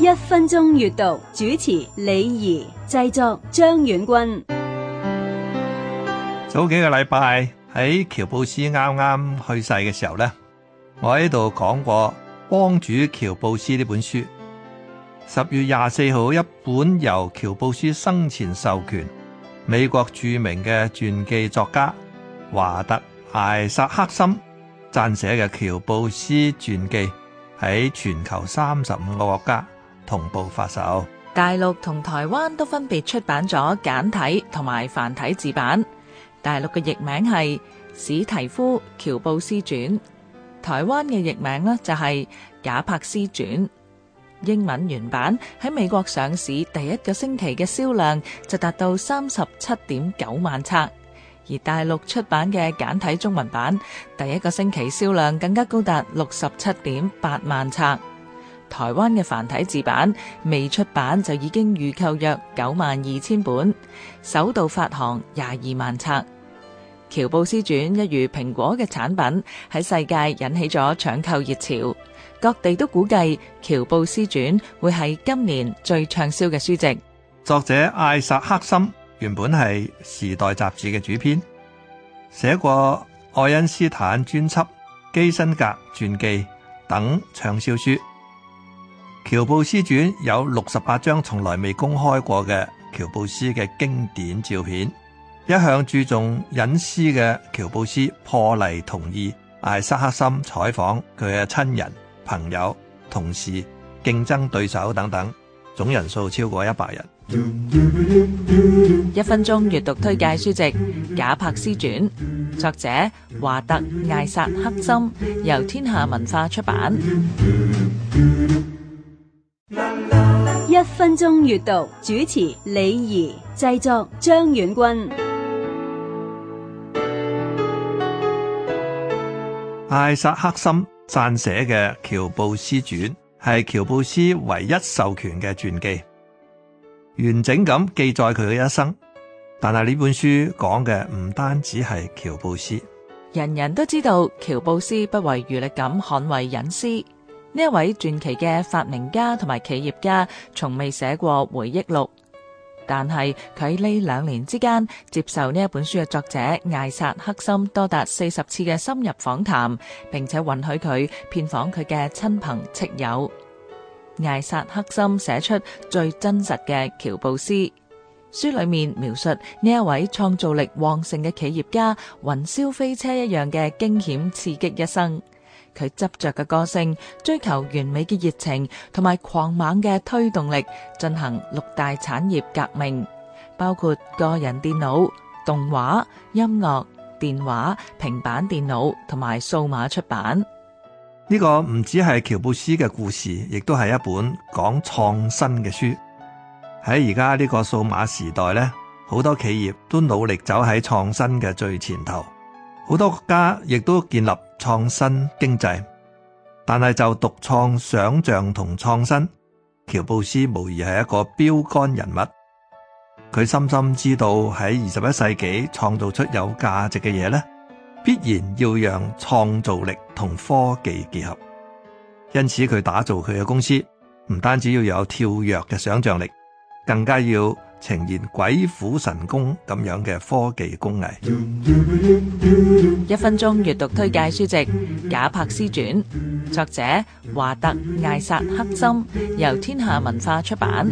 一分鐘閱讀，主持李儀，製作張遠軍。早幾個禮拜喺喬布斯啱啱去世嘅時候咧，我喺度講過《幫主喬布斯》呢本書。十月廿四號，一本由喬布斯生前授權，美國著名嘅傳記作家華特·艾薩克森撰寫嘅喬布斯傳記喺全球三十五個國家，同步發售，大陸同台灣都分別出版咗簡體同埋繁體字版。大陸嘅譯名係史提夫喬布斯傳。台灣嘅譯名咧就係、是、賈柏斯傳。英文原版喺美國上市第一個星期嘅銷量就達到三十七點九萬冊，而大陸出版嘅簡體中文版第一個星期銷量更加高達六十七點八萬冊。台灣嘅繁體字版未出版就已經預購約九萬二千本，首度發行廿二萬冊。《喬布斯傳》一如蘋果嘅產品喺世界引起咗搶購熱潮，各地都估計《喬布斯傳》會係今年最暢銷嘅書籍。作者艾薩克森原本係《時代》雜誌嘅主編，寫過愛因斯坦專輯、基辛格傳記等暢銷書。《喬布斯傳》有六十八張從來未公開過嘅喬布斯嘅經典照片，一向注重隱私嘅喬布斯破例同意艾薩克森採訪佢嘅親人、朋友、同事、競爭對手等等，總人數超過一百人。一分鐘閱讀推介書籍《賈柏斯傳》，作者華特艾薩克森，由天下文化出版。一分鐘閱讀主持李怡，製作張遠軍。艾薩克森撰寫嘅《喬布斯傳》係喬布斯唯一授權嘅傳記，完整咁記載佢嘅一生。但係呢本書講嘅唔單止係喬布斯，人人都知道喬布斯不遺餘力咁捍衛隱私。呢一位傳奇嘅發明家同埋企業家，從未寫過回憶錄，但係佢喺呢兩年之間接受呢一本書嘅作者艾薩克森多達四十次嘅深入訪談，並且允許佢遍訪佢嘅親朋戚友。艾薩克森寫出最真實嘅喬布斯，書裏面描述呢一位創造力旺盛嘅企業家，雲霄飛車一樣嘅驚險刺激一生。佢執着嘅個性，追求完美嘅熱情，同埋狂猛嘅推動力，進行六大產業革命，包括個人電腦、動畫、音樂、電話、平板電腦同埋數碼出版。呢個唔止係喬布斯嘅故事，亦都係一本講創新嘅書。喺而家呢個數碼時代呢，好多企業都努力走喺創新嘅最前頭。好多國家亦都建立創新經濟，但係就獨創想象同創新，喬布斯無疑係一個標杆人物。佢深深知道喺二十一世紀創造出有價值嘅嘢咧，必然要讓創造力同科技結合。因此佢打造佢嘅公司，唔單止要有跳躍嘅想象力，更加要。呈現鬼斧神工咁樣嘅科技工藝。一分鐘閱讀推介書籍《賈柏斯傳》，作者華特艾薩克森，由天下文化出版。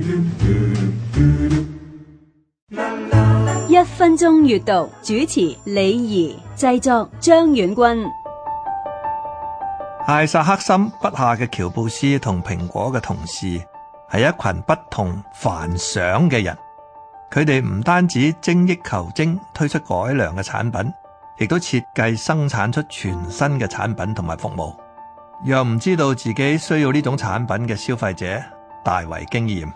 一分鐘閱讀主持李怡，製作張遠軍。艾薩克森筆下嘅喬布斯同蘋果嘅同事，係一群不同凡想嘅人。佢哋唔單止精益求精推出改良嘅產品，亦都設計生產出全新嘅產品同埋服務，讓唔知道自己需要呢種產品嘅消費者大為驚艷。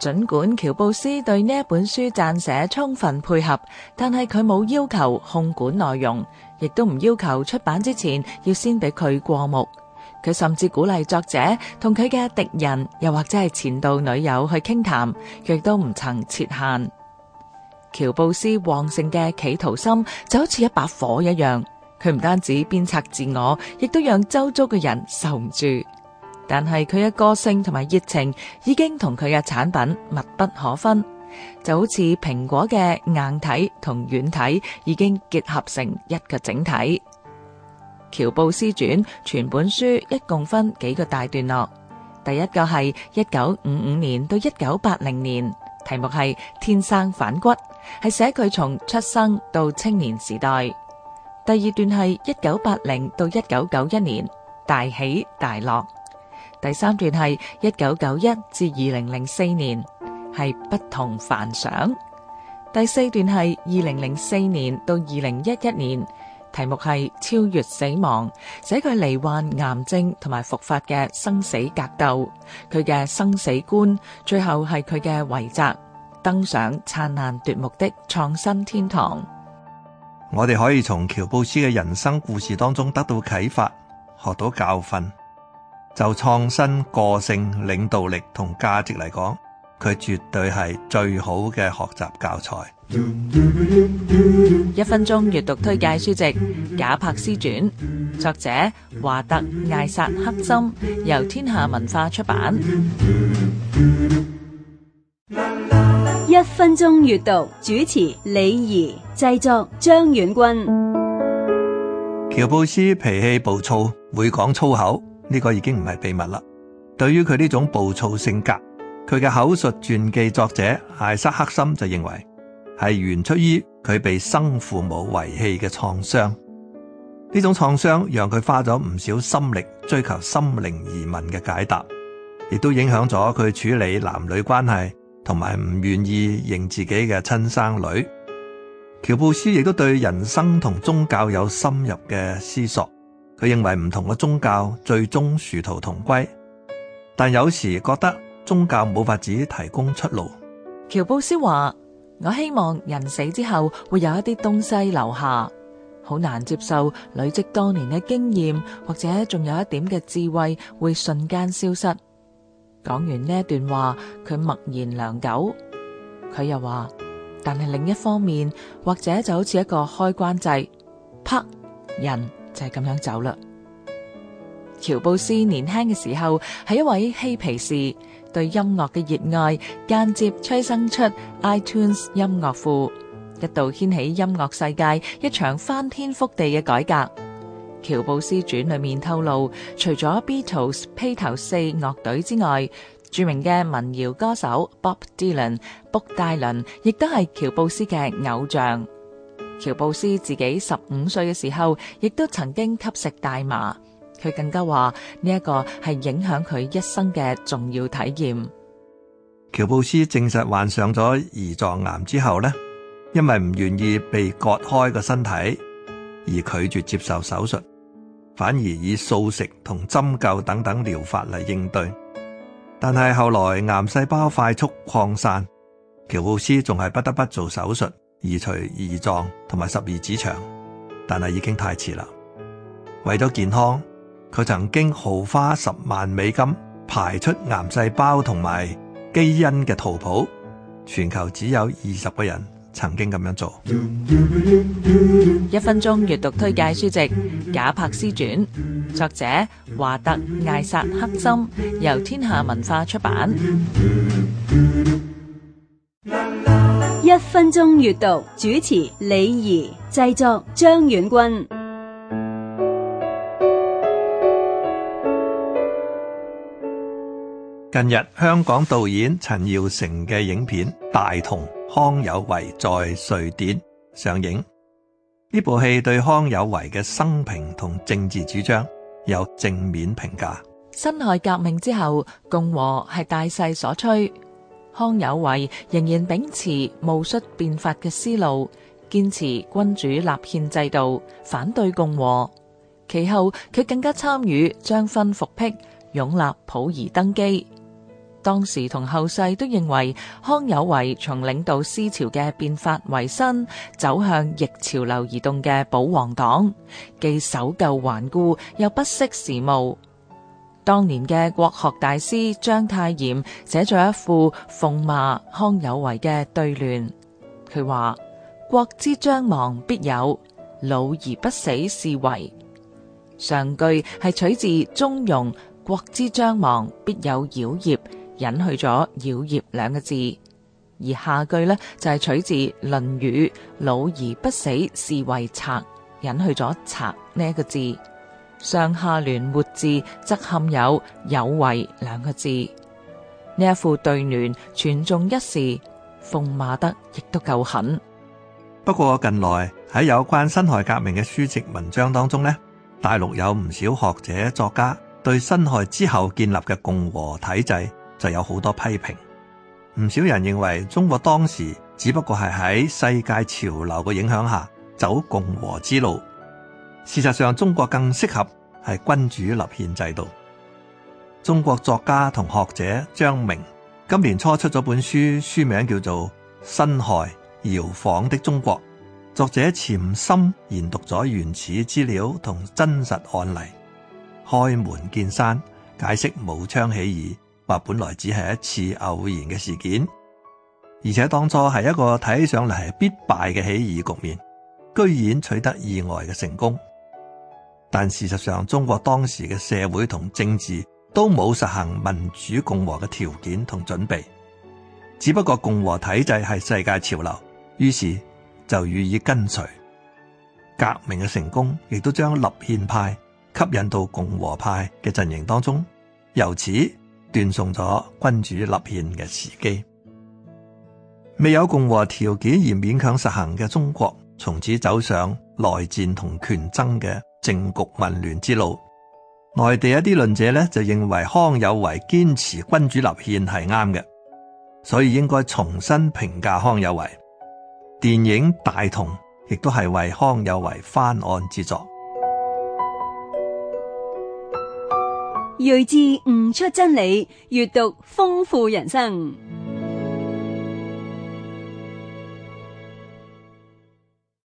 儘管喬布斯對呢一本書撰寫充分配合，但係佢冇要求控管內容，亦都唔要求出版之前要先俾佢過目。佢甚至鼓勵作者同佢嘅敵人，又或者係前度女友去傾談，亦都唔曾設限。喬布斯旺盛嘅企圖心就好似一把火一樣，佢唔單止鞭策自我，亦都讓周遭嘅人受唔住。但係佢嘅個性同埋熱情已經同佢嘅產品密不可分，就好似蘋果嘅硬體同軟體已經結合成一個整體。《喬布斯傳》全本書一共分幾個大段落？第一個係一九五五年到一九八零年，題目係天生反骨，係寫佢從出生到青年時代。第二段係一九八零到一九九一年，大起大落。第三段係一九九一至二零零四年，係不同凡想。第四段係二零零四年到二零一一年。題目係超越死亡，寫佢罹患癌症同埋復發嘅生死格鬥，佢嘅生死觀，最後係佢嘅遺澤，登上燦爛奪目的創新天堂。我哋可以從喬布斯嘅人生故事當中得到啟發，學到教訓，就創新、個性、領導力同價值嚟講。佢絕對係最好嘅學習教材。一分鐘閱讀推介書籍《賈柏斯傳》，作者華特艾薩克森，由天下文化出版。一分鐘閱讀主持李儀，製作張遠君。喬布斯脾氣暴躁，會講粗口，呢個已經唔係秘密啦。對於佢呢種暴躁性格，佢嘅口述傳記作者艾薩克森就認為，係源出於佢被生父母遺棄嘅創傷。呢種創傷讓佢花咗唔少心力追求心靈疑問嘅解答，亦都影響咗佢處理男女關係，同埋唔願意認自己嘅親生女。喬布斯亦都對人生同宗教有深入嘅思索。佢認為唔同嘅宗教最終殊途同歸，但有時覺得。宗教冇法子提供出路。喬布斯話：我希望人死之後會有一啲東西留下，好難接受累積多年嘅經驗或者仲有一點嘅智慧會瞬間消失。講完呢一段話，佢默然良久。佢又話：但係另一方面，或者就好似一個開關掣，啪，人就係咁樣走啦。喬布斯年輕嘅時候係一位嬉皮士。對音樂嘅熱愛間接催生出 iTunes 音樂庫，一度掀起音樂世界一場翻天覆地嘅改革。喬布斯傳裏面透露，除咗 Beatles 披頭四樂隊之外，著名嘅民謠歌手 Bob Dylan、Bob Dylan 亦都係喬布斯嘅偶像。喬布斯自己十五歲嘅時候，亦都曾經吸食大麻。佢更加話呢一個係影響佢一生嘅重要體驗。喬布斯證實患上咗胰臟癌之後呢，因為唔願意被割開個身體而拒絕接受手術，反而以素食同針灸等等療法嚟應對。但係後來癌細胞快速擴散，喬布斯仲係不得不做手術，移除胰臟同埋十二指腸，但係已經太遲啦。為咗健康。佢曾經豪花十萬美金排出癌細胞同埋基因嘅圖譜，全球只有二十個人曾經咁樣做。一分鐘閱讀推介書籍《賈柏斯傳》，作者華特艾薩克森，由天下文化出版。一分鐘閱讀，主持李儀，製作張遠軍。近日，香港導演陳耀成嘅影片《大同》康有為在瑞典上映。呢部戲對康有為嘅生平同政治主張有正面評價。辛亥革命之後，共和係大勢所趨。康有為仍然秉持戊戌變法嘅思路，堅持君主立憲制度，反對共和。其後，佢更加參與張勳復辟，擁立溥儀登基。當時同後世都認為康有為從領導思潮嘅變法維新走向逆潮流移動嘅保皇黨，既守舊頑固又不識時務。當年嘅國學大師章太炎寫咗一副諷罵康有為嘅對聯，佢話：國之將亡必有，老而不死是為。上句係取自《中庸》國之將亡必有妖孽》。引去咗妖孽兩個字，而下句呢，就係取自《論語》，老而不死是為賊，引去咗賊呢個字。上下聯末字則含有有為兩個字。呢一副對聯傳頌一時諷刺得亦都夠狠。不過近來喺有關辛亥革命嘅書籍文章當中呢，大陸有唔少學者作家對辛亥之後建立嘅共和體制，就有好多批評，唔少人認為中國當時只不過係喺世界潮流嘅影響下走共和之路。事實上，中國更適合係君主立憲制度。中國作家同學者張明今年初出咗本書，書名叫做《辛亥搖晃的中國》，作者潛心研讀咗原始資料同真實案例，開門見山，解釋武昌起義。話本來只係一次偶然嘅事件，而且當初係一個睇上嚟係必敗嘅起義局面，居然取得意外嘅成功。但事實上，中國當時嘅社會同政治都冇實行民主共和嘅條件同準備，只不過共和體制係世界潮流，於是就予以跟隨。革命嘅成功亦都將立憲派吸引到共和派嘅陣營當中，由此。斷送咗君主立憲嘅時機，未有共和條件而勉強實行嘅中國，從此走上內戰同權爭嘅政局混亂之路。內地一啲論者咧就認為康有為堅持君主立憲係啱嘅，所以應該重新評價康有為。電影《大同》亦都係為康有為翻案之作。睿智悟出真理，閱讀豐富人生。